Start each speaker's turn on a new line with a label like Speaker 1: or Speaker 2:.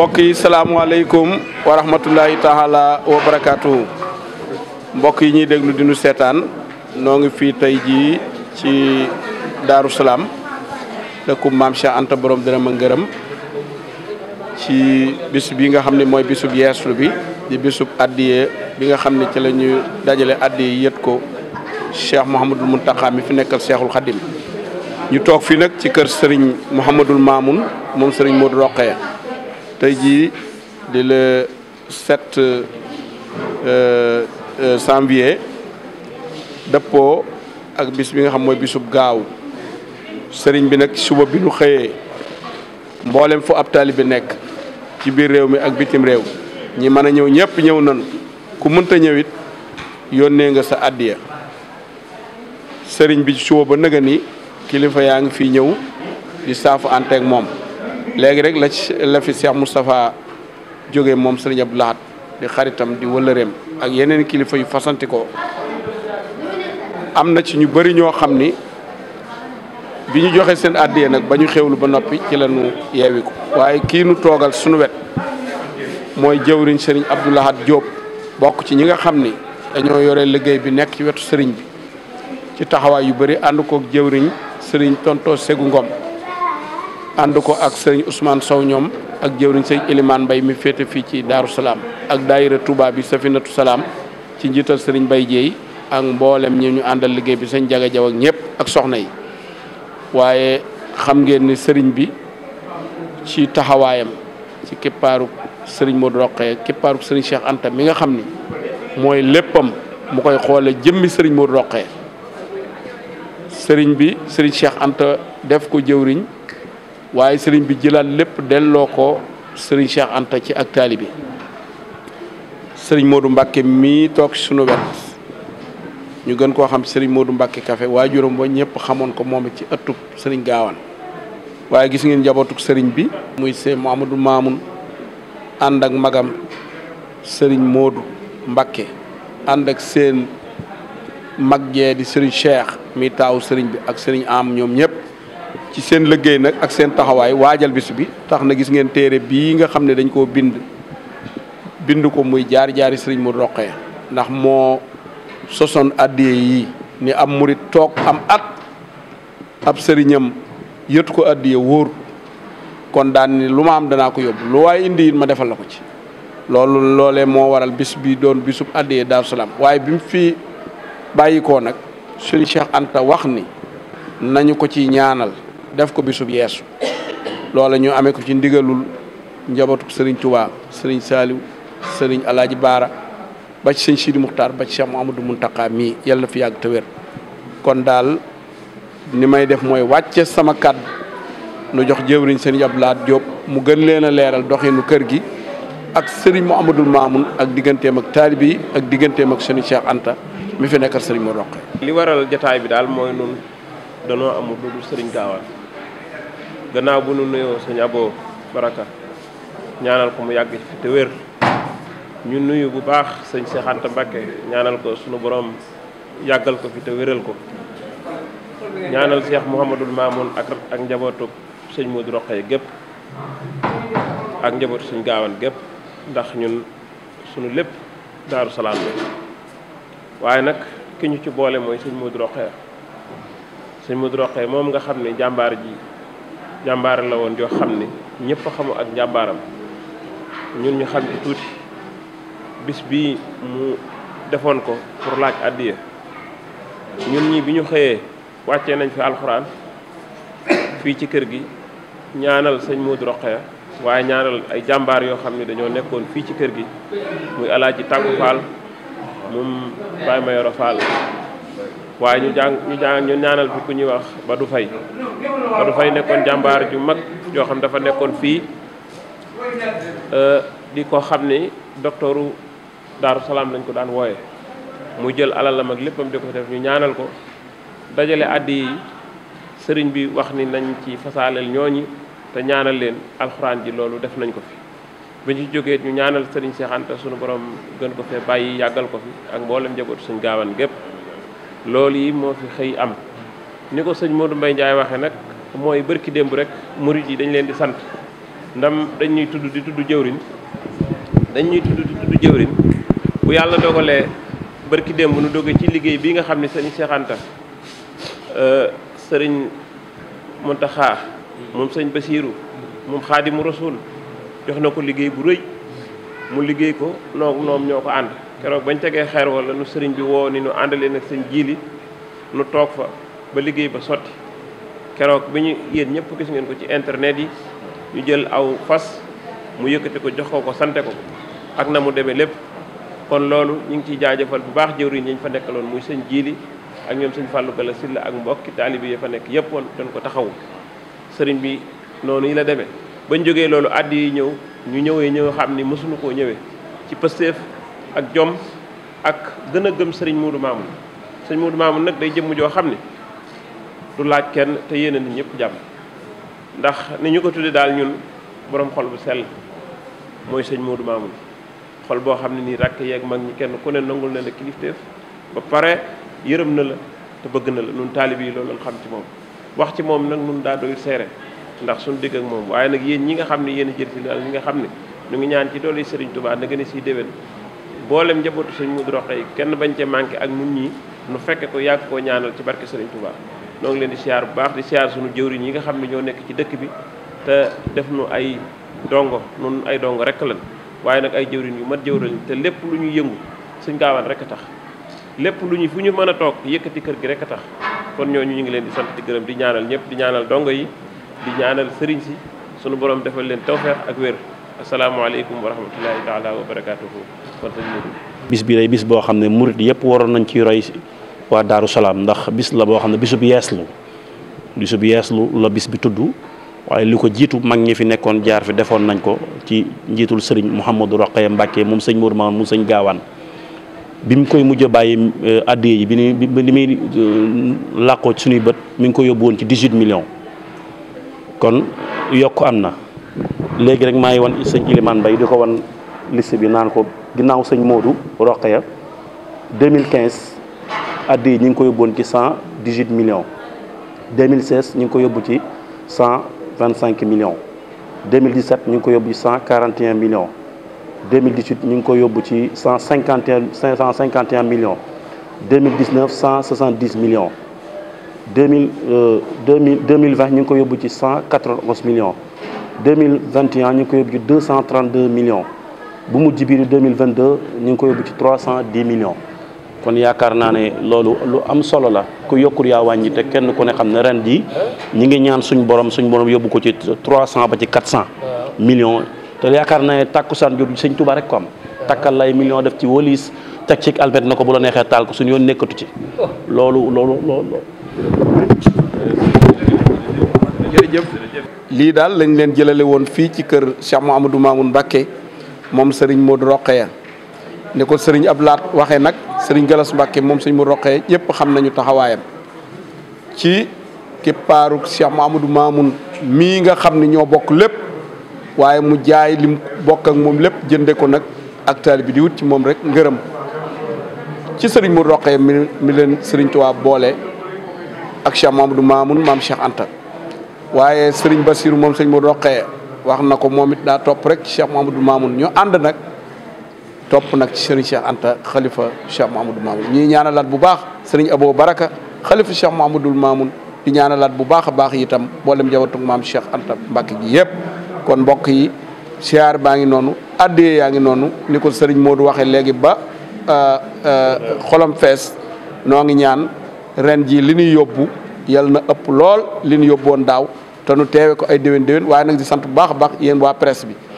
Speaker 1: mbokk yi salaamualeykum wa rahmatullahi taala wa barakaatu mbokk yi ñuy déglu dinu seetaan noo ngi fii tey jii ci Daaru Salaam dëkku maam Cheikh Anta borom dërëm a ngërëm ci bis bi nga xam ne mooy bisub yeeslu bi di bisub addiye bi nga xam ne ci la ñu dajale addiye yët ko Cheikh Mouhamadul Mountakha mi fi nekkal Cheikhul Khadim ñu toog fii nag ci kër sëriñ Mouhamadul Mamoun moom Serigne Modou Rokhaya tey jii di le 7 euh, euh, janvier dëppoo ak bis bi nga xam mooy bisub gaaw sëriñ bi nag suba bi nu xëyee mboolem fu ab bi nekk ci biir réew mi ak bitim réew ñi mën a ñëw ñëpp ñëw nanu ku mënta ñëw it yónnee nga sa addiya sëriñ bi suba ba nëga kilifa yaa ngi fi ñëw di saafu anteeg moom léegi rek la la fi Cheikh Moustapha jógee moom Serigne Abdou di xaritam di wëllëreem ak yeneen kilifa yu fasanti ko am na ci ñu bëri ñoo xam ni bi ñu joxe seen àddiyee nag ba ñu xewlu ba noppi ci la ñu yeewi ko waaye kii nu toogal suñu wet mooy jëwriñ sëriñ Abdou Lahad bokk ci ñi nga xam ni dañoo yore liggéey bi nekk ci wetu sëriñ bi ci taxawaay yu bari ànd koog jëwriñ sëriñ tonto segu ngoom ànd ko ak sëriñ Ousmane Sow ñoom ak jëwriñ sëriñ Elimane mbay mi féete fii ci Daaru Salaam ak daayira tubaab yi Safinatu Salaam ci njiital sëriñ Mbaye Dieye ak mboolem ñi ñu àndal liggéey bi sëñ Jaga Jaw ak ñëpp ak soxna yi waaye xam ngeen ni sëriñ bi ci taxawaayam ci kippaaruk sëriñ Modou Rokhaya kippaaruk sëriñ Cheikh Anta mi nga xam ni mooy léppam mu koy xoole jëmmi sëriñ Modou Rokhaya sëriñ bi sëriñ Cheikh Anta def ko jëwriñ waaye sëriñ bi jëlaat lépp delloo ko sëriñ Cheikh Anta ci ak taalibi sëriñ Modou Mbacke mii toog sunu wet ñu gën koo xam sëriñ Modou Mbacke Café waajuram ba ñëpp xamoon ko moom ci ëttub sëriñ Gaawaan waaye gis ngeen njabootuk sëriñ bi. muy see Mouhamadou Mamoun ànd ak magam sëriñ moodu Mbacke ànd seen mag jee di sëriñ Cheikh mi taawu sëriñ bi ak sëriñ am ñoom ñëpp. ci seen liggéey nag ak seen taxawaay waajal bisu bi tax na gis ngeen téere bii nga xam ne dañ koo bind bind ko muy jaar jaari sëriñ mu roqee ndax moo sosoon addiyee yi ni am murit toog am at ab sëriñam yëtu ko addiyee wóor kon daan ni lu ma am danaa ko yóbbu lu waaye indi it ma defal la ko ci loolu loolee moo waral bis bi doon bisub addiyee Daaru Salaam waaye bi mu fi bàyyikoo nag sëriñ Cheikh Anta wax ni nañu ko ci ñaanal def ko bisub yeesu loola ñu amee ko ci ndigalul njabootu sëriñ Tuubaa sëriñ Saaliw sëriñ Alaaji Baara ba ci sëñ Sidi Muxtaar ba ci du Mouhamadou Mountakha mii yàlla na fi yàgg te kon daal ni may def mooy wàcce sama kàddu nu jox jëwriñ sëriñ Abdou Lahad Diop mu gën leen a leeral doxinu kër gi ak sëriñ Mouhamadou Mamoun ak digganteem ak taalibe yi ak digganteem ak sëriñ Cheikh Anta mi fi nekkal sëriñ Mor Roqe
Speaker 2: li waral jataay bi daal mooy nun danoo amul lu dul sëriñ Gaawaan gannaaw bu nu nuyoo sëñ Abo Baraka ñaanal ko mu yàgg ci te wér ñu nuyu bu baax sëñ Cheikh Anta Mbakke ñaanal ko sunu boroom yàggal ko fi te wéral ko ñaanal Cheikh Mouhamadul Mamoun ak ak njabootu sëñ Modou Rokhaya gépp ak njabootu sëñ Gaawan gépp ndax ñun sunu lépp daaru salaam la waaye nag ki ñu ci boole mooy sëñ Modou Rokhaya sëñ Modou Rokhaya moom nga xam ne jàmbaar ji jàmbaar la woon joo xam ne ñëpp xamu ak njàmbaaram ñun ñu xam ci tuuti bis bii mu defoon ko pour laaj addiya ñun ñi bi ñu xëyee wàccee nañ fi alxuraan fii ci kër gi ñaanal sëñ Modou Rokhaya waaye ñaanal ay jàmbaar yoo xam ne dañoo nekkoon fii ci kër gi muy alaaji tàggu faal moom Baye Mayoro Fall waaye ñu jàng ñu jàng ñu ñaanal fi ku ñuy wax ba Badou Faye
Speaker 1: Badou fay nekkoon jàmbaar
Speaker 2: ju mag joo xam dafa nekkoon fii eh, di ko xam ni docteuru Daaru Salaam lañ ko daan wooye mu jël alalam ak léppam di ko def ñu ñaanal ko dajale addi yi sëriñ bi wax ni nañ ci fasaaleel ñooñi te ñaanal leen alxuraan ji loolu def nañ ko fi bi ñu jógee ñu ñaanal sëriñ Seex Anta sunu borom gën ko fee bàyyi yàggal ko fi ak mboolem njabootu suñ gaawan gépp loolu yi moo fi xëy am ni ko sëñ Modou mbay Ndiaye waxee nag mooy bërki démb rek murit yi dañ leen di sant ndam dañ tudd di tudd jëwriñ dañ bu yàlla dogalee bërki démb nu doge ci liggéey bi nga xam ne sëñ Cheikh sëriñ euh, sëriñ Mountakha moom sëñ Basirou moom xaadimu rasul jox na ko liggéey bu rëy mu liggéey ko noog noom ñoo ko ànd keroog bañ tegee xeer wala nu sëriñ bi woo ni nu àndalee nag sëñ jiili nu toog fa ba liggéey ba sotti keroog bi ñu yéen ñëpp gis ngeen ko ci internet yi ñu jël aw fas mu yëkkati ko jox ko ko sante ko ak na mu demee lépp kon loolu ñu ngi ciy jaajëfal bu baax jëwriñ ñi ñu fa nekkaloon muy sëñ jiili ak ñoom sëñ fàllu Gala Silla ak mbokki taalibe yi fa nekk yëpp woon dañ ko taxawu sëriñ bi noonu yi la demee bañ jógee loolu àddi yi ñëw ñu ñëwee ñëw xam ni mësuñu koo ñëwee ci pësteef ak jom ak gën a gëm sëriñ Muudu Maamun sëriñ Muudu Maamun nag day jëmm joo xam ni du laaj kenn te yéene nit ñëpp jàmm ndax ni ñu ko tuddee daal ñun borom xol bu sell mooy sëñ Muudu Maamun xol boo xam ne nii rakk yeeg mag ñi kenn ku ne nangul na la kilifteef ba pare yërëm na la te bëgg na la nun taalib yi loolu lañ xam ci moom wax ci moom nag nun daa doy seere ndax suñu digg ak moom waaye nag yéen ñi nga xam ne yéen a jël si daal ñi nga xam ñu ngi ñaan ci doole Serigne Touba na gën a siy déwén mboolem njabootu Serigne Modou Rokhaya kenn bañ cee manqué ak nun ñi nu fekke ko yàgg koo ñaanal ci barke Serigne Touba noo ngi leen di siyaar bu baax di siyaar suñu jëwriñ yi nga xam ne ñoo nekk ci dëkk bi te def nu ay dongo nun ay dongo rek lan waaye nag ay jëwriñ yu mat jëwriñ te lépp lu ñu yëngu suñ gaawaan rek a tax lépp lu ñu fu ñu mën a toog yëkkati kër gi rek a tax kon ñooñu ñu ngi leen di sant di gërëm di ñaanal ñëpp di ñaanal dongo yi di ñaanal sëriñ si sunu borom defal leen tawfeex ak wér asalaamaaleykum wa rahmatullahi taala wa barakaatuhu
Speaker 3: bis bi day bis boo xam ne murit yëpp waroon nañ ciy roy waa Daaru Salaam ndax bis la boo xam ne bisub yeeslu bisub yeeslu la bis bi tudd waaye lu ko jiitu mag ñi fi nekkoon jaar fi defoon nañ ko ci njiitul sëriñ Mouhamadou Roqaya Mbacke moom sëñ Mour Mamoun moom sëñ Gaawaan bi mu koy mujj a bàyyi euh, addiya yi bi ni li muy euh, làqoo ci suñuy bët mu ngi ko yóbbu woon ci 18 millions. kon yokk am na léegi rek maa ngi wan sëñ Ilimaan Mbay di ko wan liste bi naan ko ginnaaw sëñ Modou Rokhaya 2015 addi ñu ngi ko yóbboon ci 118 millions 2016 ñi ngi ko yóbbu ci 125 millions 2017 ñu ngi ko yóbbu ci 141 millions 2018 ñu ngi ko yóbbu ci 151 551 millions 2019 170 millions deux mille euh, ñu ngi ko yóbbu ci cent quatre-vingt-onze millions deux mille vingt ñu ngi ko yóbbu ci millions bu mujj biir ñu ngi ko yóbbu ci millions. kon yaakaar naa ne loolu lu am solo la ku yokkul yaa wàññi te kenn ku ne xam ne ren jii ñi ngi ñaan suñ borom suñ borom yóbbu ko ci trois ba ci quatre cent millions te yaakaar naa ne tàkkusaan jooju sëñ Tuubaa rek ko am takkal lay million def ci wëlis teg ci albert na ko bu la neexee
Speaker 1: taal ko suñu yoon nekkatu ci loolu loolu loolu jërëjëf lii daal lañ leen jëlale woon fii ci kër Cheikh Mouhamadou Mamoun Mbacké moom Serigne Modou Rokhaya ni ko sëriñ ab Ablaat waxee nag sëriñ Galas Mbacké moom Serigne Modou Rokhaya yépp xam nañu taxawaayam ci kippaaru Cheikh Mouhamadou Mamoun mii nga xam ni ñoo bokk lépp waaye mu jaay lim bokk ak moom lépp jënde ko nag ak taali bi di wut ci moom rek ngërëm ci Serigne Modou Rokhaya mi mi leen Serigne Touba boole ak Cheikh Mamadou Mamoun maam Cheikh Anta waaye Serigne Bassirou moom sëñ Modou Rokhaya wax na ko moom it daa topp rek Cheikh du Mamoun ñu ànd nag topp nag ci Serigne Cheikh Anta xalifa Cheikh Mamadou Mamoun ñii ñaanalaat bu baax Serigne Abo Baraka xalifa Cheikh Mamadou Mamoun ñaana ñaanalaat bu baax a baax itam mboolem jabatug maam Cheikh Anta Mbacke gi yëpp kon mbokk yi siyaar baa ngi noonu addiyee yaa ngi noonu ni ko Serigne Modou waxee léegi ba euh, euh, xolam fees noo ngi ñaan ren jii li ñuy yóbbu yal na ëpp lool li ñu yóbboon daaw te nu teewe ko ay déwén déwén waaye nag di sant bu baax a baax yéen waa presse bi